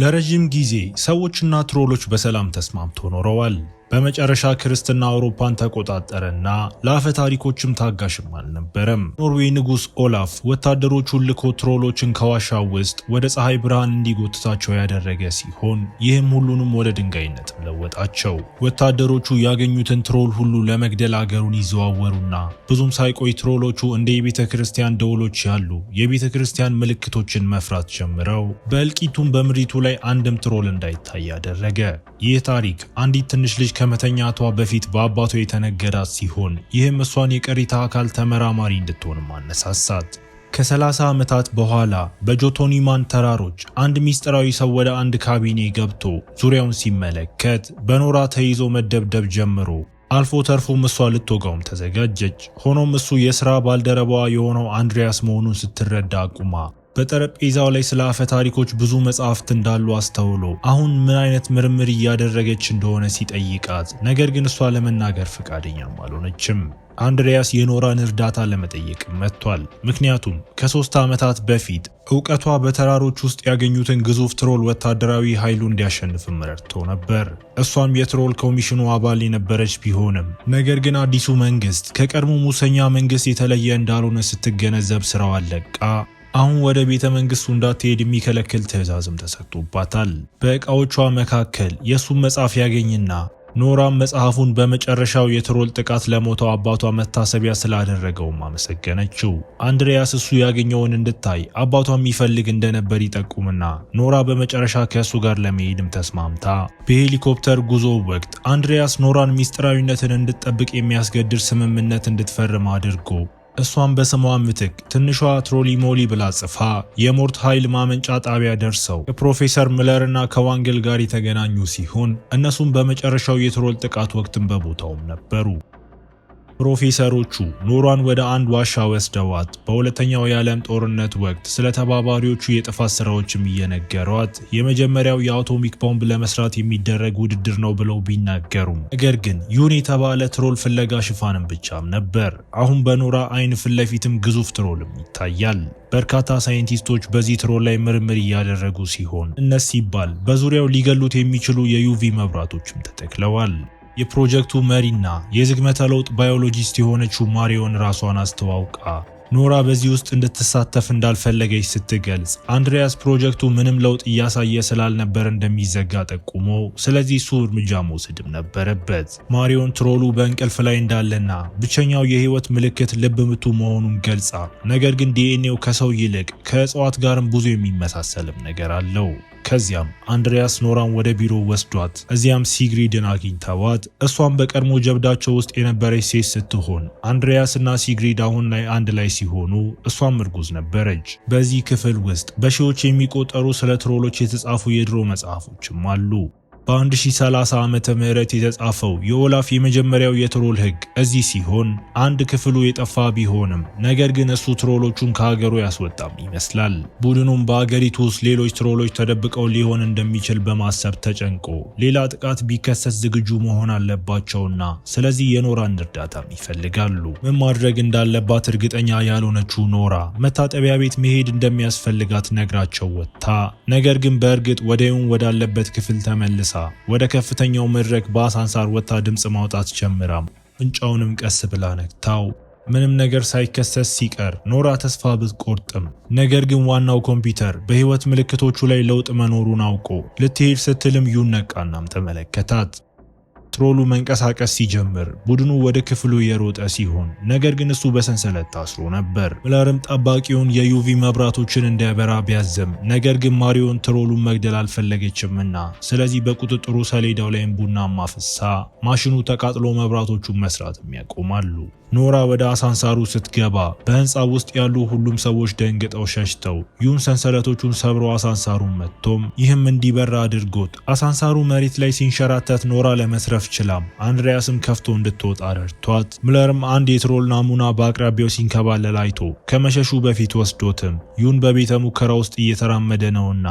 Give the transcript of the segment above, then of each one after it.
ለረዥም ጊዜ ሰዎችና ትሮሎች በሰላም ተስማምቶ ኖረዋል። በመጨረሻ ክርስትና አውሮፓን ተቆጣጠረና ለአፈ ታሪኮችም ታጋሽም አልነበረም። ኖርዌይ ንጉስ ኦላፍ ወታደሮቹን ልኮ ትሮሎችን ከዋሻ ውስጥ ወደ ፀሐይ ብርሃን እንዲጎትታቸው ያደረገ ሲሆን ይህም ሁሉንም ወደ ድንጋይነት ለወጣቸው። ወታደሮቹ ያገኙትን ትሮል ሁሉ ለመግደል አገሩን ይዘዋወሩና ብዙም ሳይቆይ ትሮሎቹ እንደ የቤተ ክርስቲያን ደወሎች ያሉ የቤተ ክርስቲያን ምልክቶችን መፍራት ጀምረው በእልቂቱም በምድሪቱ ላይ አንድም ትሮል እንዳይታይ አደረገ። ይህ ታሪክ አንዲት ትንሽ ልጅ ከመተኛቷ በፊት በአባቷ የተነገራት ሲሆን ይህም እሷን የቀሪታ አካል ተመራማሪ እንድትሆንም አነሳሳት። ከ30 ዓመታት በኋላ በጆቶኒማን ተራሮች አንድ ሚስጥራዊ ሰው ወደ አንድ ካቢኔ ገብቶ ዙሪያውን ሲመለከት በኖራ ተይዞ መደብደብ ጀምሮ አልፎ ተርፎም እሷ ልትወጋውም ተዘጋጀች። ሆኖም እሱ የሥራ ባልደረባዋ የሆነው አንድሪያስ መሆኑን ስትረዳ አቁማ በጠረጴዛው ላይ ስለ አፈ ታሪኮች ብዙ መጽሐፍት እንዳሉ አስተውሎ አሁን ምን አይነት ምርምር እያደረገች እንደሆነ ሲጠይቃት፣ ነገር ግን እሷ ለመናገር ፈቃደኛም አልሆነችም። አንድሪያስ የኖራን እርዳታ ለመጠየቅ መጥቷል። ምክንያቱም ከሶስት ዓመታት በፊት እውቀቷ በተራሮች ውስጥ ያገኙትን ግዙፍ ትሮል ወታደራዊ ኃይሉ እንዲያሸንፍም ረድቶ ነበር። እሷም የትሮል ኮሚሽኑ አባል የነበረች ቢሆንም ነገር ግን አዲሱ መንግስት ከቀድሞ ሙሰኛ መንግስት የተለየ እንዳልሆነ ስትገነዘብ ስራዋን ለቃ አሁን ወደ ቤተ መንግስቱ እንዳትሄድ የሚከለክል ትዕዛዝም ተሰጥቶባታል። በእቃዎቿ መካከል የእሱን መጽሐፍ ያገኝና ኖራም መጽሐፉን በመጨረሻው የትሮል ጥቃት ለሞተው አባቷ መታሰቢያ ስላደረገውም አመሰገነችው። አንድሪያስ እሱ ያገኘውን እንድታይ አባቷ የሚፈልግ እንደነበር ይጠቁምና ኖራ በመጨረሻ ከእሱ ጋር ለመሄድም ተስማምታ፣ በሄሊኮፕተር ጉዞ ወቅት አንድሪያስ ኖራን ሚስጥራዊነትን እንድትጠብቅ የሚያስገድድ ስምምነት እንድትፈርም አድርጎ እሷም በስሟ ምትክ ትንሿ ትሮሊ ሞሊ ብላ ጽፋ የሞርት ኃይል ማመንጫ ጣቢያ ደርሰው ከፕሮፌሰር ምለርና ከዋንጌል ጋር የተገናኙ ሲሆን እነሱም በመጨረሻው የትሮል ጥቃት ወቅትም በቦታውም ነበሩ። ፕሮፌሰሮቹ ኖሯን ወደ አንድ ዋሻ ወስደዋት በሁለተኛው የዓለም ጦርነት ወቅት ስለ ተባባሪዎቹ የጥፋት ስራዎችም እየነገሯት የመጀመሪያው የአቶሚክ ቦምብ ለመስራት የሚደረግ ውድድር ነው ብለው ቢናገሩም ነገር ግን ይሁን የተባለ ትሮል ፍለጋ ሽፋንም ብቻም ነበር። አሁን በኖራ አይን ፊት ለፊትም ግዙፍ ትሮልም ይታያል። በርካታ ሳይንቲስቶች በዚህ ትሮል ላይ ምርምር እያደረጉ ሲሆን እነስ ሲባል በዙሪያው ሊገሉት የሚችሉ የዩቪ መብራቶችም ተተክለዋል። የፕሮጀክቱ መሪና የዝግመተ ለውጥ ባዮሎጂስት የሆነችው ማሪዮን ራሷን አስተዋውቃ ኖራ በዚህ ውስጥ እንድትሳተፍ እንዳልፈለገች ስትገልጽ፣ አንድሪያስ ፕሮጀክቱ ምንም ለውጥ እያሳየ ስላልነበር እንደሚዘጋ ጠቁሞ፣ ስለዚህ እሱ እርምጃ መውሰድም ነበረበት። ማሪዮን ትሮሉ በእንቅልፍ ላይ እንዳለና ብቸኛው የህይወት ምልክት ልብ ምቱ መሆኑን ገልጻ፣ ነገር ግን ዲኤንኤው ከሰው ይልቅ ከእጽዋት ጋርም ብዙ የሚመሳሰልም ነገር አለው። ከዚያም አንድሪያስ ኖራን ወደ ቢሮ ወስዷት እዚያም ሲግሪድን አግኝተዋት እሷም በቀድሞ ጀብዳቸው ውስጥ የነበረች ሴት ስትሆን አንድሪያስ እና ሲግሪድ አሁን ላይ አንድ ላይ ሲሆኑ እሷም እርጉዝ ነበረች። በዚህ ክፍል ውስጥ በሺዎች የሚቆጠሩ ስለ ትሮሎች የተጻፉ የድሮ መጽሐፎችም አሉ። በ1030 ዓመተ ምህረት የተጻፈው የኦላፍ የመጀመሪያው የትሮል ህግ እዚህ ሲሆን አንድ ክፍሉ የጠፋ ቢሆንም ነገር ግን እሱ ትሮሎቹን ከሀገሩ ያስወጣም ይመስላል። ቡድኑም በአገሪቱ ውስጥ ሌሎች ትሮሎች ተደብቀው ሊሆን እንደሚችል በማሰብ ተጨንቆ ሌላ ጥቃት ቢከሰት ዝግጁ መሆን አለባቸውና ስለዚህ የኖራን እርዳታም ይፈልጋሉ። ምን ማድረግ እንዳለባት እርግጠኛ ያልሆነችው ኖራ መታጠቢያ ቤት መሄድ እንደሚያስፈልጋት ነግራቸው ወጥታ ነገር ግን በእርግጥ ወደውን ወዳለበት ክፍል ተመልሳ ተነሳ። ወደ ከፍተኛው መድረክ በአሳንሳር ወጥታ ድምፅ ማውጣት ጀምራም ፍንጫውንም ቀስ ብላ ነክታው ምንም ነገር ሳይከሰት ሲቀር ኖራ ተስፋ ብትቆርጥም ነገር ግን ዋናው ኮምፒውተር በህይወት ምልክቶቹ ላይ ለውጥ መኖሩን አውቆ ልትሄድ ስትልም ዩን ነቃናም ተመለከታት። ትሮሉ መንቀሳቀስ ሲጀምር ቡድኑ ወደ ክፍሉ የሮጠ ሲሆን ነገር ግን እሱ በሰንሰለት ታስሮ ነበር። ምላርም ጠባቂውን የዩቪ መብራቶችን እንዲያበራ ቢያዝም ነገር ግን ማሪዮን ትሮሉን መግደል አልፈለገችምና ስለዚህ በቁጥጥሩ ሰሌዳው ላይም ቡናማ ፍሳ ማሽኑ ተቃጥሎ መብራቶቹን መስራትም ያቆማሉ። ኖራ ወደ አሳንሳሩ ስትገባ በህንፃ ውስጥ ያሉ ሁሉም ሰዎች ደንግጠው ሸሽተው ዩን ሰንሰለቶቹን ሰብሮ አሳንሳሩን መጥቶም ይህም እንዲበራ አድርጎት አሳንሳሩ መሬት ላይ ሲንሸራተት ኖራ ለመስረፍ ችላም አንድሪያስም ከፍቶ እንድትወጣ ረድቷት ምለርም አንድ የትሮል ናሙና በአቅራቢያው ሲንከባለል አይቶ ከመሸሹ በፊት ወስዶትም ዩን በቤተ ሙከራ ውስጥ እየተራመደ ነውና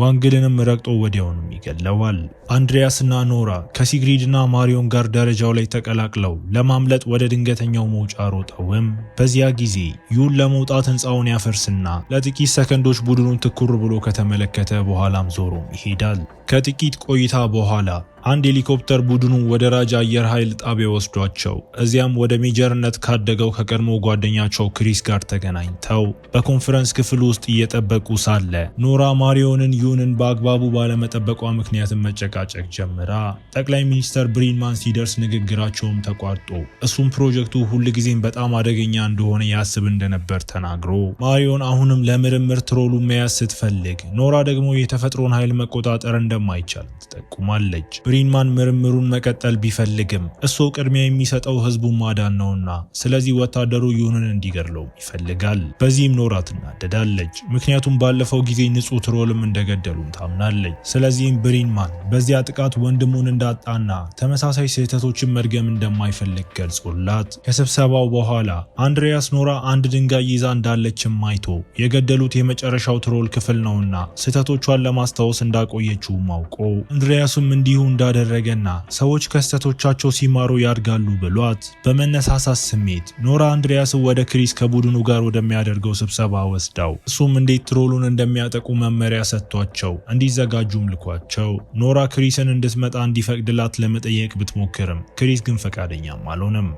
ዋንግልንም ረግጦ ወዲያውንም ይገለዋል። አንድሪያስና ኖራ ከሲግሪድና ማሪዮን ጋር ደረጃው ላይ ተቀላቅለው ለማምለጥ ወደ ድንገተኛው መውጫ ሮጠውም በዚያ ጊዜ ዩን ለመውጣት ህንፃውን ያፈርስና ለጥቂት ሰከንዶች ቡድኑን ትኩር ብሎ ከተመለከተ በኋላም ዞሮም ይሄዳል። ከጥቂት ቆይታ በኋላ አንድ ሄሊኮፕተር ቡድኑ ወደ ራጃ አየር ኃይል ጣቢያ ወስዷቸው እዚያም ወደ ሜጀርነት ካደገው ከቀድሞ ጓደኛቸው ክሪስ ጋር ተገናኝተው በኮንፈረንስ ክፍል ውስጥ እየጠበቁ ሳለ ኖራ ማሪዮንን ዩንን በአግባቡ ባለመጠበቋ ምክንያትን መጨቃጨቅ ጀምራ ጠቅላይ ሚኒስተር ብሪንማን ሲደርስ ንግግራቸውም ተቋርጦ እሱም ፕሮጀክቱ ሁልጊዜም በጣም አደገኛ እንደሆነ ያስብ እንደነበር ተናግሮ ማሪዮን አሁንም ለምርምር ትሮሉ መያዝ ስትፈልግ ኖራ ደግሞ የተፈጥሮን ኃይል መቆጣጠር እንደማይቻል ትጠቁማለች። ግሪንማን ምርምሩን መቀጠል ቢፈልግም እሱ ቅድሚያ የሚሰጠው ህዝቡን ማዳን ነውና ስለዚህ ወታደሩ ይሁንን እንዲገድለው ይፈልጋል። በዚህም ኖራ ትናደዳለች። ምክንያቱም ባለፈው ጊዜ ንጹህ ትሮልም እንደገደሉም ታምናለች። ስለዚህም ብሪንማን በዚያ ጥቃት ወንድሙን እንዳጣና ተመሳሳይ ስህተቶችን መድገም እንደማይፈልግ ገልጾላት ከስብሰባው በኋላ አንድሪያስ ኖራ አንድ ድንጋይ ይዛ እንዳለችም አይቶ የገደሉት የመጨረሻው ትሮል ክፍል ነውና ስህተቶቿን ለማስታወስ እንዳቆየችውም አውቆ አንድሪያስም እንዲሁ እንዳደረገና ሰዎች ከስተቶቻቸው ሲማሩ ያድጋሉ ብሏት በመነሳሳት ስሜት ኖራ አንድሪያስን ወደ ክሪስ ከቡድኑ ጋር ወደሚያደርገው ስብሰባ ወስዳው እሱም እንዴት ትሮሉን እንደሚያጠቁ መመሪያ ሰጥቷቸው እንዲዘጋጁም ልኳቸው ኖራ ክሪስን እንድትመጣ እንዲፈቅድላት ለመጠየቅ ብትሞክርም ክሪስ ግን ፈቃደኛም አልሆነም።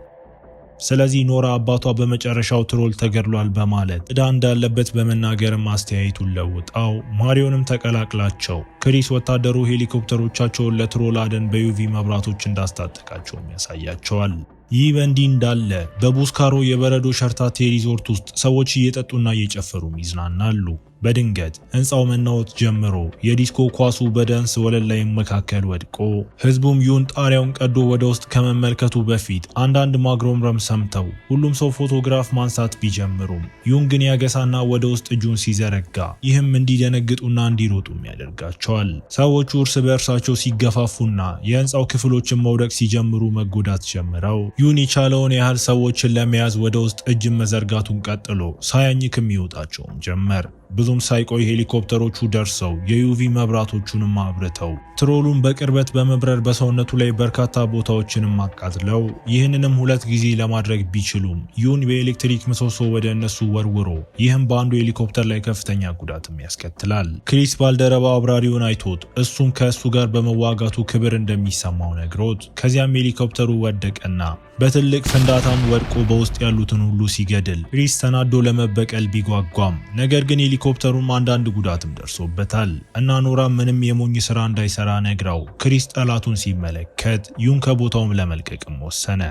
ስለዚህ ኖራ አባቷ በመጨረሻው ትሮል ተገድሏል በማለት እዳ እንዳለበት በመናገርም አስተያየቱን ለውጣው ማሪዮንም ተቀላቅላቸው ክሪስ ወታደሩ ሄሊኮፕተሮቻቸውን ለትሮል አደን በዩቪ መብራቶች እንዳስታጠቃቸውም ያሳያቸዋል። ይህ በእንዲህ እንዳለ በቡስካሮ የበረዶ ሸርታቴ ሪዞርት ውስጥ ሰዎች እየጠጡና እየጨፈሩም ይዝናናሉ። በድንገት ሕንፃው መናወጥ ጀምሮ የዲስኮ ኳሱ በደንስ ወለል ላይ መካከል ወድቆ ህዝቡም ይሁን ጣሪያውን ቀዶ ወደ ውስጥ ከመመልከቱ በፊት አንዳንድ ማግሮምረም ሰምተው ሁሉም ሰው ፎቶግራፍ ማንሳት ቢጀምሩም ይሁን ግን ያገሳና ወደ ውስጥ እጁን ሲዘረጋ ይህም እንዲደነግጡና እንዲሮጡም ያደርጋቸዋል። ሰዎቹ እርስ በእርሳቸው ሲገፋፉና የህንፃው ክፍሎችን መውደቅ ሲጀምሩ መጎዳት ጀምረው ይሁን የቻለውን ያህል ሰዎችን ለመያዝ ወደ ውስጥ እጅን መዘርጋቱን ቀጥሎ ሳያኝክም ይወጣቸውም ጀመር። ብዙም ሳይቆይ ሄሊኮፕተሮቹ ደርሰው የዩቪ መብራቶቹንም አብርተው ትሮሉን በቅርበት በመብረር በሰውነቱ ላይ በርካታ ቦታዎችንም አቃጥለው ይህንንም ሁለት ጊዜ ለማድረግ ቢችሉም ዩን በኤሌክትሪክ ምሰሶ ወደ እነሱ ወርውሮ ይህም በአንዱ ሄሊኮፕተር ላይ ከፍተኛ ጉዳትም ያስከትላል። ክሪስ ባልደረባ አብራሪውን አይቶት እሱም ከእሱ ጋር በመዋጋቱ ክብር እንደሚሰማው ነግሮት ከዚያም ሄሊኮፕተሩ ወደቀና በትልቅ ፍንዳታም ወድቆ በውስጥ ያሉትን ሁሉ ሲገድል ሪስ ተናዶ ለመበቀል ቢጓጓም ነገር ግን ሄሊኮፕተሩም አንዳንድ ጉዳትም ደርሶበታል እና ኖራ ምንም የሞኝ ስራ እንዳይሰራ ነግራው ክሪስ ጠላቱን ሲመለከት ዩን ከቦታውም ለመልቀቅም ወሰነ።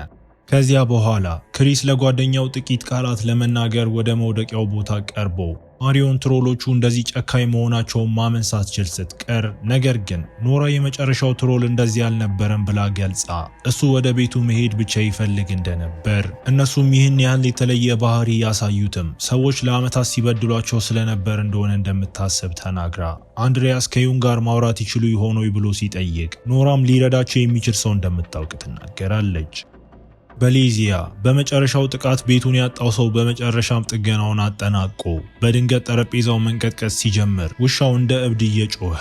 ከዚያ በኋላ ክሪስ ለጓደኛው ጥቂት ቃላት ለመናገር ወደ መውደቂያው ቦታ ቀርቦ ትሮሎቹ እንደዚህ ጨካኝ መሆናቸውን ማመን ሳትችል ስትቀር፣ ነገር ግን ኖራ የመጨረሻው ትሮል እንደዚህ አልነበረም ብላ ገልጻ እሱ ወደ ቤቱ መሄድ ብቻ ይፈልግ እንደነበር እነሱም ይህን ያህል የተለየ ባህሪ ያሳዩትም ሰዎች ለዓመታት ሲበድሏቸው ስለነበር እንደሆነ እንደምታስብ ተናግራ አንድሪያስ ከዩን ጋር ማውራት ይችሉ ይሆን ብሎ ሲጠይቅ ኖራም ሊረዳቸው የሚችል ሰው እንደምታውቅ ትናገራለች። በሌዚያ በመጨረሻው ጥቃት ቤቱን ያጣው ሰው በመጨረሻም ጥገናውን አጠናቆ በድንገት ጠረጴዛው መንቀጥቀጥ ሲጀምር ውሻው እንደ እብድ እየጮኸ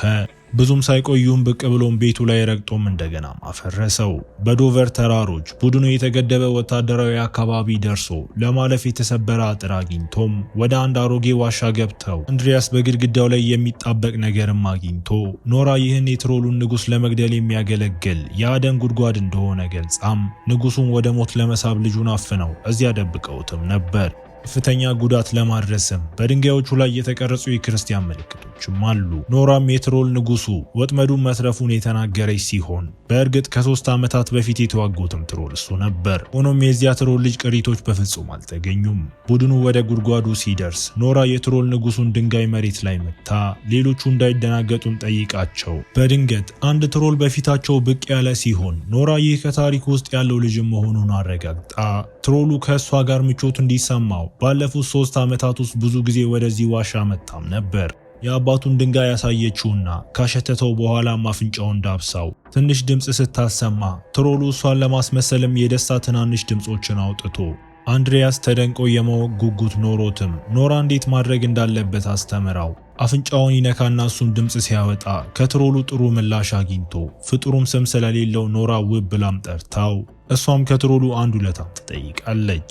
ብዙም ሳይቆዩም ብቅ ብሎም ቤቱ ላይ ረግጦም እንደገና አፈረሰው። በዶቨር ተራሮች ቡድኑ የተገደበ ወታደራዊ አካባቢ ደርሶ ለማለፍ የተሰበረ አጥር አግኝቶም ወደ አንድ አሮጌ ዋሻ ገብተው አንድሪያስ በግድግዳው ላይ የሚጣበቅ ነገርም አግኝቶ ኖራ ይህን የትሮሉን ንጉስ ለመግደል የሚያገለግል የአደን ጉድጓድ እንደሆነ ገልጻም ንጉሱን ወደ ሞት ለመሳብ ልጁን አፍነው እዚያ ደብቀውትም ነበር። ከፍተኛ ጉዳት ለማድረስም በድንጋዮቹ ላይ የተቀረጹ የክርስቲያን ምልክቶችም አሉ። ኖራም የትሮል ንጉሱ ወጥመዱን መትረፉን የተናገረች ሲሆን በእርግጥ ከሶስት ዓመታት በፊት የተዋጉትም ትሮል እሱ ነበር። ሆኖም የዚያ ትሮል ልጅ ቅሪቶች በፍጹም አልተገኙም። ቡድኑ ወደ ጉድጓዱ ሲደርስ ኖራ የትሮል ንጉሱን ድንጋይ መሬት ላይ መታ፣ ሌሎቹ እንዳይደናገጡም ጠይቃቸው። በድንገት አንድ ትሮል በፊታቸው ብቅ ያለ ሲሆን ኖራ ይህ ከታሪክ ውስጥ ያለው ልጅም መሆኑን አረጋግጣ ትሮሉ ከእሷ ጋር ምቾት እንዲሰማው ባለፉት ሶስት ዓመታት ውስጥ ብዙ ጊዜ ወደዚህ ዋሻ መጣም ነበር። የአባቱን ድንጋይ ያሳየችውና ካሸተተው በኋላም አፍንጫውን ዳብሳው ትንሽ ድምፅ ስታሰማ ትሮሉ እሷን ለማስመሰልም የደስታ ትናንሽ ድምፆችን አውጥቶ አንድሪያስ ተደንቆ የማወቅ ጉጉት ኖሮትም ኖራ እንዴት ማድረግ እንዳለበት አስተምራው አፍንጫውን ይነካና እሱም ድምፅ ሲያወጣ ከትሮሉ ጥሩ ምላሽ አግኝቶ ፍጡሩም ስም ስለሌለው ኖራ ውብ ብላም ጠርታው እሷም ከትሮሉ አንድ ውለታም ትጠይቃለች።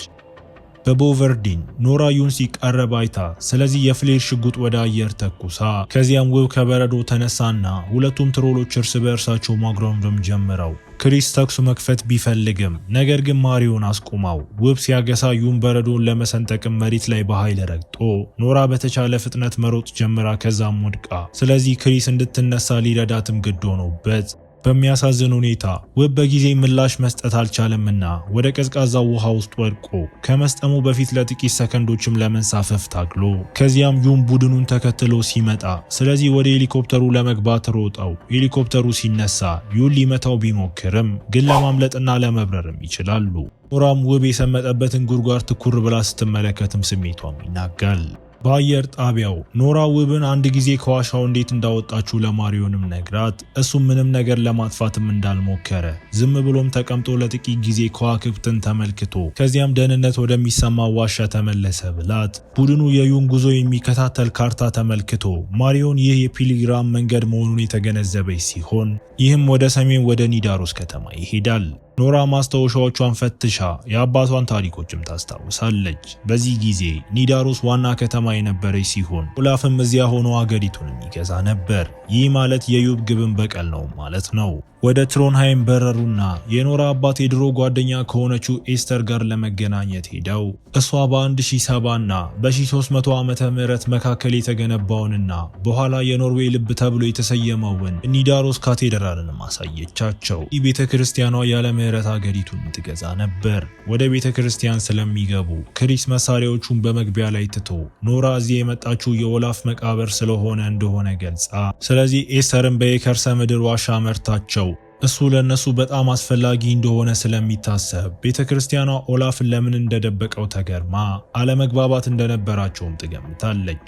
በቦቨርዲን ኖራዩን ሲቃረብ አይታ፣ ስለዚህ የፍሌር ሽጉጥ ወደ አየር ተኩሳ፣ ከዚያም ውብ ከበረዶ ተነሳና ሁለቱም ትሮሎች እርስ በእርሳቸው ማጉረምረም ጀምረው ክሪስ ተኩሱ መክፈት ቢፈልግም ነገር ግን ማሪዮን አስቆማው። ውብ ሲያገሳ ዩን በረዶን ለመሰንጠቅም መሬት ላይ በኃይል ረግጦ ኖራ በተቻለ ፍጥነት መሮጥ ጀምራ ከዛም ወድቃ፣ ስለዚህ ክሪስ እንድትነሳ ሊረዳትም ግድ ሆኖበት በሚያሳዝን ሁኔታ ውብ በጊዜ ምላሽ መስጠት አልቻለምና ወደ ቀዝቃዛው ውሃ ውስጥ ወድቆ ከመስጠሙ በፊት ለጥቂት ሰከንዶችም ለመንሳፈፍ ታግሎ ከዚያም ዩም ቡድኑን ተከትሎ ሲመጣ ስለዚህ ወደ ሄሊኮፕተሩ ለመግባት ሮጠው ሄሊኮፕተሩ ሲነሳ ዩን ሊመታው ቢሞክርም ግን ለማምለጥና ለመብረርም ይችላሉ። ኖራም ውብ የሰመጠበትን ጉድጓድ ትኩር ብላ ስትመለከትም ስሜቷም ይናጋል። በአየር ጣቢያው ኖራ ውብን አንድ ጊዜ ከዋሻው እንዴት እንዳወጣችሁ ለማሪዮንም ነግራት እሱም ምንም ነገር ለማጥፋትም እንዳልሞከረ ዝም ብሎም ተቀምጦ ለጥቂት ጊዜ ከዋክብትን ተመልክቶ ከዚያም ደህንነት ወደሚሰማ ዋሻ ተመለሰ ብላት ቡድኑ የዩን ጉዞ የሚከታተል ካርታ ተመልክቶ ማሪዮን ይህ የፒሊግራም መንገድ መሆኑን የተገነዘበች ሲሆን ይህም ወደ ሰሜን ወደ ኒዳሮስ ከተማ ይሄዳል። ኖራ ማስታወሻዎቿን ፈትሻ የአባቷን ታሪኮችም ታስታውሳለች። በዚህ ጊዜ ኒዳሮስ ዋና ከተማ የነበረች ሲሆን ኦላፍም እዚያ ሆኖ አገሪቱን የሚገዛ ነበር። ይህ ማለት የዩብ ግብን በቀል ነው ማለት ነው። ወደ ትሮንሃይም በረሩና የኖራ አባት የድሮ ጓደኛ ከሆነችው ኤስተር ጋር ለመገናኘት ሄደው እሷ በ1070 እና በ1300 ዓመተ ምህረት መካከል የተገነባውንና በኋላ የኖርዌይ ልብ ተብሎ የተሰየመውን ኒዳሮስ ካቴድራልን ማሳየቻቸው። ይህ ቤተ ክርስቲያኗ ያለ ምህረት አገሪቱን ትገዛ ነበር። ወደ ቤተ ክርስቲያን ስለሚገቡ ክሪስ መሳሪያዎቹን በመግቢያ ላይ ትቶ ኖራ እዚህ የመጣችው የኦላፍ መቃብር ስለሆነ እንደሆነ ገልጻ፣ ስለዚህ ኤስተርን በየከርሰ ምድር ዋሻ መርታቸው እሱ ለእነሱ በጣም አስፈላጊ እንደሆነ ስለሚታሰብ ቤተ ክርስቲያኗ ኦላፍን ለምን እንደደበቀው ተገርማ አለመግባባት እንደነበራቸውም ትገምታለች።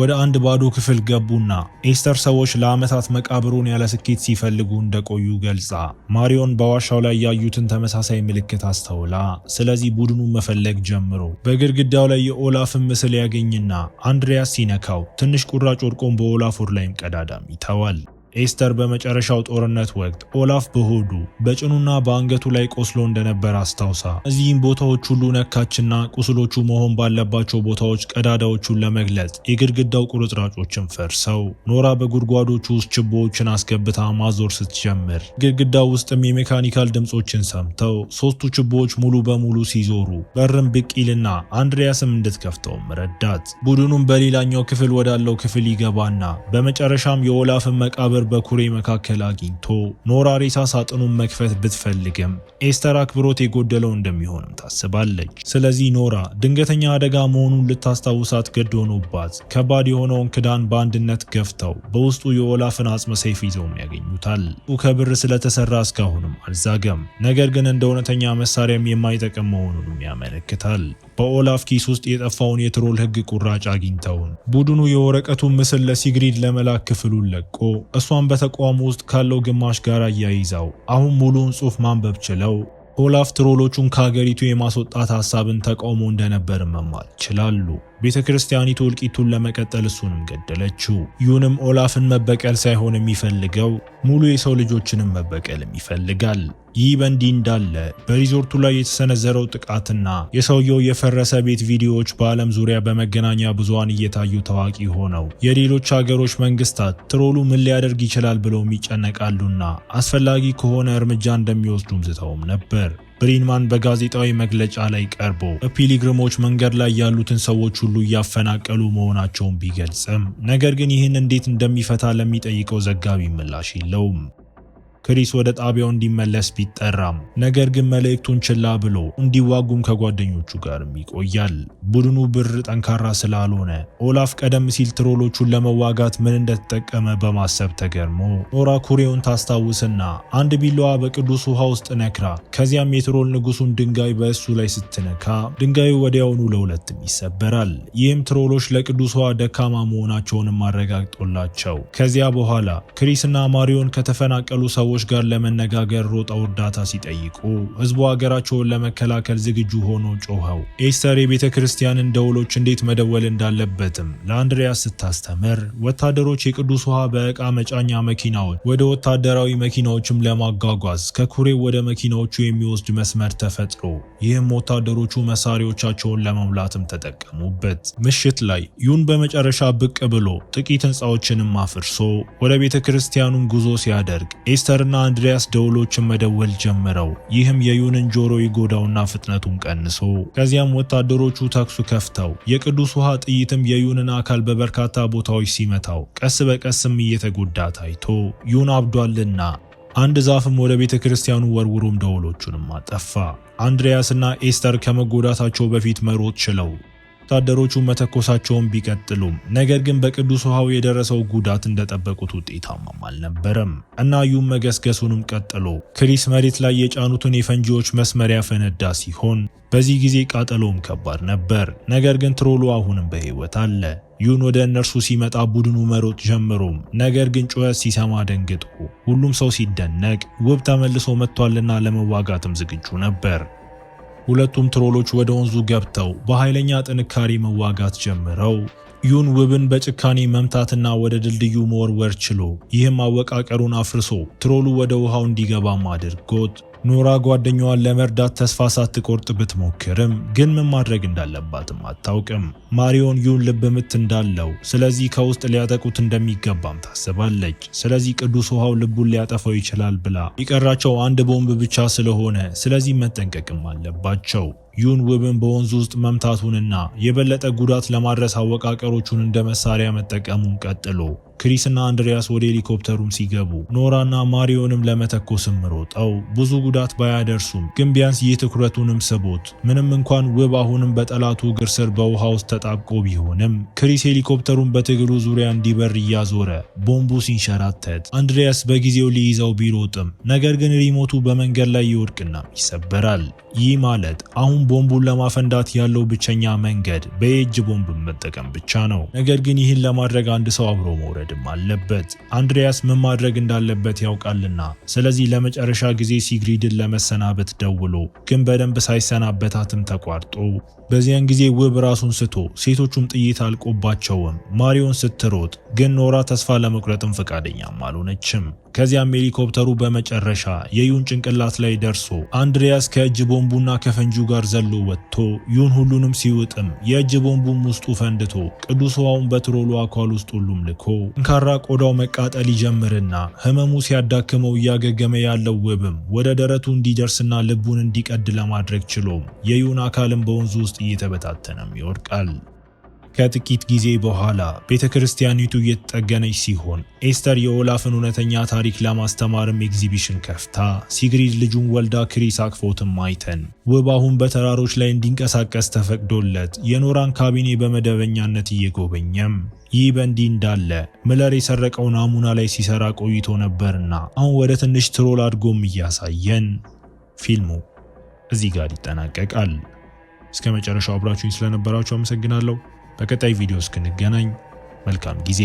ወደ አንድ ባዶ ክፍል ገቡና ኤስተር ሰዎች ለዓመታት መቃብሩን ያለ ስኬት ሲፈልጉ እንደቆዩ ገልጻ ማሪዮን በዋሻው ላይ ያዩትን ተመሳሳይ ምልክት አስተውላ ስለዚህ ቡድኑ መፈለግ ጀምሮ በግድግዳው ላይ የኦላፍን ምስል ያገኝና አንድሪያስ ሲነካው ትንሽ ቁራጭ ወድቆን በኦላፎር ላይም ቀዳዳም ይተዋል። ኤስተር በመጨረሻው ጦርነት ወቅት ኦላፍ በሆዱ በጭኑና በአንገቱ ላይ ቆስሎ እንደነበር አስታውሳ እዚህም ቦታዎች ሁሉ ነካችና ቁስሎቹ መሆን ባለባቸው ቦታዎች ቀዳዳዎቹን ለመግለጽ የግድግዳው ቁርጥራጮችን ፈርሰው ኖራ በጉድጓዶቹ ውስጥ ችቦዎችን አስገብታ ማዞር ስትጀምር ግድግዳው ውስጥም የሜካኒካል ድምፆችን ሰምተው ሶስቱ ችቦዎች ሙሉ በሙሉ ሲዞሩ በርም ብቅ ይልና አንድሪያስም እንድትከፍተውም ረዳት። ቡድኑም በሌላኛው ክፍል ወዳለው ክፍል ይገባና በመጨረሻም የኦላፍን መቃብር በርበር በኩሬ መካከል አግኝቶ ኖራ ሬሳ ሳጥኑን መክፈት ብትፈልግም ኤስተር አክብሮት የጎደለው እንደሚሆንም ታስባለች። ስለዚህ ኖራ ድንገተኛ አደጋ መሆኑን ልታስታውሳት ግድ ሆኖባት ከባድ የሆነውን ክዳን በአንድነት ገፍተው በውስጡ የኦላፍን አጽመ ሰይፍ ይዘውም ያገኙታል። ከብር ስለተሰራ እስካሁንም አልዛገም። ነገር ግን እንደ እውነተኛ መሳሪያም የማይጠቅም መሆኑንም ያመለክታል። በኦላፍ ኪስ ውስጥ የጠፋውን የትሮል ህግ ቁራጭ አግኝተውን ቡድኑ የወረቀቱን ምስል ለሲግሪድ ለመላክ ክፍሉን ለቆ እሱ ተስፋን በተቋሙ ውስጥ ካለው ግማሽ ጋር አያይዘው አሁን ሙሉውን ጽሑፍ ማንበብ ችለው ኦላፍ ትሮሎቹን ከሀገሪቱ የማስወጣት ሀሳብን ተቃውሞ እንደነበር መማር ይችላሉ። ቤተ ክርስቲያኒቱ እልቂቱን ለመቀጠል እሱንም ገደለችው። ይሁንም ኦላፍን መበቀል ሳይሆን የሚፈልገው ሙሉ የሰው ልጆችንም መበቀልም ይፈልጋል። ይህ በእንዲህ እንዳለ በሪዞርቱ ላይ የተሰነዘረው ጥቃትና የሰውየው የፈረሰ ቤት ቪዲዮዎች በዓለም ዙሪያ በመገናኛ ብዙሃን እየታዩ ታዋቂ ሆነው የሌሎች ሀገሮች መንግስታት ትሮሉ ምን ሊያደርግ ይችላል ብለውም ይጨነቃሉና አስፈላጊ ከሆነ እርምጃ እንደሚወስዱም ዝተውም ነበር። ብሪንማን በጋዜጣዊ መግለጫ ላይ ቀርቦ በፒሊግሪሞች መንገድ ላይ ያሉትን ሰዎች ሁሉ እያፈናቀሉ መሆናቸውን ቢገልጽም ነገር ግን ይህን እንዴት እንደሚፈታ ለሚጠይቀው ዘጋቢ ምላሽ የለውም። ክሪስ ወደ ጣቢያው እንዲመለስ ቢጠራም ነገር ግን መልእክቱን ችላ ብሎ እንዲዋጉም ከጓደኞቹ ጋርም ይቆያል። ቡድኑ ብር ጠንካራ ስላልሆነ ኦላፍ ቀደም ሲል ትሮሎቹን ለመዋጋት ምን እንደተጠቀመ በማሰብ ተገርሞ ኖራ ኩሬውን ታስታውስና አንድ ቢላዋ በቅዱስ ውሃ ውስጥ ነክራ ከዚያም የትሮል ንጉሱን ድንጋይ በእሱ ላይ ስትነካ ድንጋዩ ወዲያውኑ ለሁለትም ይሰበራል። ይህም ትሮሎች ለቅዱስ ውሃ ደካማ መሆናቸውንም አረጋግጦላቸው ከዚያ በኋላ ክሪስና ማሪዮን ከተፈናቀሉ ሰው ሰዎች ጋር ለመነጋገር ሮጠው እርዳታ ሲጠይቁ ህዝቡ ሀገራቸውን ለመከላከል ዝግጁ ሆኖ ጮኸው። ኤስተር የቤተ ክርስቲያንን ደውሎች እንዴት መደወል እንዳለበትም ለአንድሪያስ ስታስተምር፣ ወታደሮች የቅዱስ ውሃ በዕቃ መጫኛ መኪናዎች ወደ ወታደራዊ መኪናዎችም ለማጓጓዝ ከኩሬው ወደ መኪናዎቹ የሚወስድ መስመር ተፈጥሮ ይህም ወታደሮቹ መሳሪያዎቻቸውን ለመሙላትም ተጠቀሙበት። ምሽት ላይ ዩን በመጨረሻ ብቅ ብሎ ጥቂት ህንፃዎችንም አፍርሶ ወደ ቤተ ክርስቲያኑም ጉዞ ሲያደርግ ኤስተር ሆልደርና አንድሪያስ ደውሎችን መደወል ጀመረው። ይህም የዩንን ጆሮ ይጎዳውና ፍጥነቱን ቀንሶ፣ ከዚያም ወታደሮቹ ተኩሱ ከፍተው የቅዱስ ውሃ ጥይትም የዩንን አካል በበርካታ ቦታዎች ሲመታው ቀስ በቀስም እየተጎዳ ታይቶ ዩን አብዷልና አንድ ዛፍም ወደ ቤተ ክርስቲያኑ ወርውሮም ደውሎቹንም አጠፋ። አንድሪያስና ኤስተር ከመጎዳታቸው በፊት መሮጥ ችለው ወታደሮቹ መተኮሳቸውን ቢቀጥሉም ነገር ግን በቅዱስ ውሃው የደረሰው ጉዳት እንደጠበቁት ውጤታማም አልነበረም እና ዩም መገስገሱንም ቀጥሎ ክሪስ መሬት ላይ የጫኑትን የፈንጂዎች መስመሪያ ፈነዳ ሲሆን በዚህ ጊዜ ቃጠሎም ከባድ ነበር። ነገር ግን ትሮሉ አሁንም በህይወት አለ። ዩን ወደ እነርሱ ሲመጣ ቡድኑ መሮጥ ጀምሮ ነገር ግን ጩኸት ሲሰማ ደንግጦ ሁሉም ሰው ሲደነቅ ውብ ተመልሶ መጥቷልና ለመዋጋትም ዝግጁ ነበር። ሁለቱም ትሮሎች ወደ ወንዙ ገብተው በኃይለኛ ጥንካሬ መዋጋት ጀምረው ዩን ውብን በጭካኔ መምታትና ወደ ድልድዩ መወርወር ችሎ ይህም አወቃቀሩን አፍርሶ ትሮሉ ወደ ውሃው እንዲገባም አድርጎት ኖራ ጓደኛዋን ለመርዳት ተስፋ ሳትቆርጥ ብትሞክርም ግን ምን ማድረግ እንዳለባትም አታውቅም። ማሪዮን ዩን ልብ ምት እንዳለው ስለዚህ ከውስጥ ሊያጠቁት እንደሚገባም ታስባለች። ስለዚህ ቅዱስ ውሃው ልቡን ሊያጠፋው ይችላል ብላ የቀራቸው አንድ ቦምብ ብቻ ስለሆነ ስለዚህ መጠንቀቅም አለባቸው። ዩን ውብን በወንዙ ውስጥ መምታቱንና የበለጠ ጉዳት ለማድረስ አወቃቀሮቹን እንደ መሳሪያ መጠቀሙን ቀጥሎ ክሪስና አንድሪያስ ወደ ሄሊኮፕተሩም ሲገቡ ኖራና ማሪዮንም ለመተኮስም ሮጠው ብዙ ጉዳት ባያደርሱም ግን ቢያንስ ይህ ትኩረቱንም ስቦት ምንም እንኳን ውብ አሁንም በጠላቱ እግር ስር በውሃ ውስጥ ተጣብቆ ቢሆንም ክሪስ ሄሊኮፕተሩን በትግሉ ዙሪያ እንዲበር እያዞረ ቦምቡ ሲንሸራተት አንድሪያስ በጊዜው ሊይዘው ቢሮጥም ነገር ግን ሪሞቱ በመንገድ ላይ ይወድቅና ይሰበራል። ይህ ማለት አሁን ቦምቡን ለማፈንዳት ያለው ብቸኛ መንገድ በየእጅ ቦምብ መጠቀም ብቻ ነው። ነገር ግን ይህን ለማድረግ አንድ ሰው አብሮ መውረድ መራመድም አለበት። አንድሪያስ ምን ማድረግ እንዳለበት ያውቃልና፣ ስለዚህ ለመጨረሻ ጊዜ ሲግሪድን ለመሰናበት ደውሎ ግን በደንብ ሳይሰናበታትም ተቋርጦ በዚያን ጊዜ ውብ ራሱን ስቶ ሴቶቹም ጥይት አልቆባቸውም። ማሪዮን ስትሮጥ ግን ኖራ ተስፋ ለመቁረጥም ፈቃደኛም አልሆነችም። ከዚያም ሄሊኮፕተሩ በመጨረሻ የዩን ጭንቅላት ላይ ደርሶ አንድሪያስ ከእጅ ቦምቡና ከፈንጁ ጋር ዘሎ ወጥቶ ዩን ሁሉንም ሲውጥም የእጅ ቦምቡም ውስጡ ፈንድቶ ቅዱስ ውሃውን በትሮሉ አኳል ውስጥ ሁሉም ልኮ ጠንካራ ቆዳው መቃጠል ይጀምርና ህመሙ ሲያዳክመው እያገገመ ያለው ውብም ወደ ደረቱ እንዲደርስና ልቡን እንዲቀድ ለማድረግ ችሎም የዩን አካልም በወንዙ ውስጥ እየተበታተነም ይወድቃል። ከጥቂት ጊዜ በኋላ ቤተ ክርስቲያኒቱ እየተጠገነች ሲሆን ኤስተር የኦላፍን እውነተኛ ታሪክ ለማስተማርም ኤግዚቢሽን ከፍታ ሲግሪድ ልጁን ወልዳ ክሪስ አቅፎትም አይተን ውብ አሁን በተራሮች ላይ እንዲንቀሳቀስ ተፈቅዶለት የኖራን ካቢኔ በመደበኛነት እየጎበኘም ይህ በእንዲህ እንዳለ ምለር የሰረቀውን ናሙና ላይ ሲሰራ ቆይቶ ነበርና አሁን ወደ ትንሽ ትሮል አድጎም እያሳየን ፊልሙ እዚህ ጋር ይጠናቀቃል። እስከ መጨረሻው አብራችሁኝ ስለነበራችሁ አመሰግናለሁ። በቀጣይ ቪዲዮ እስክንገናኝ መልካም ጊዜ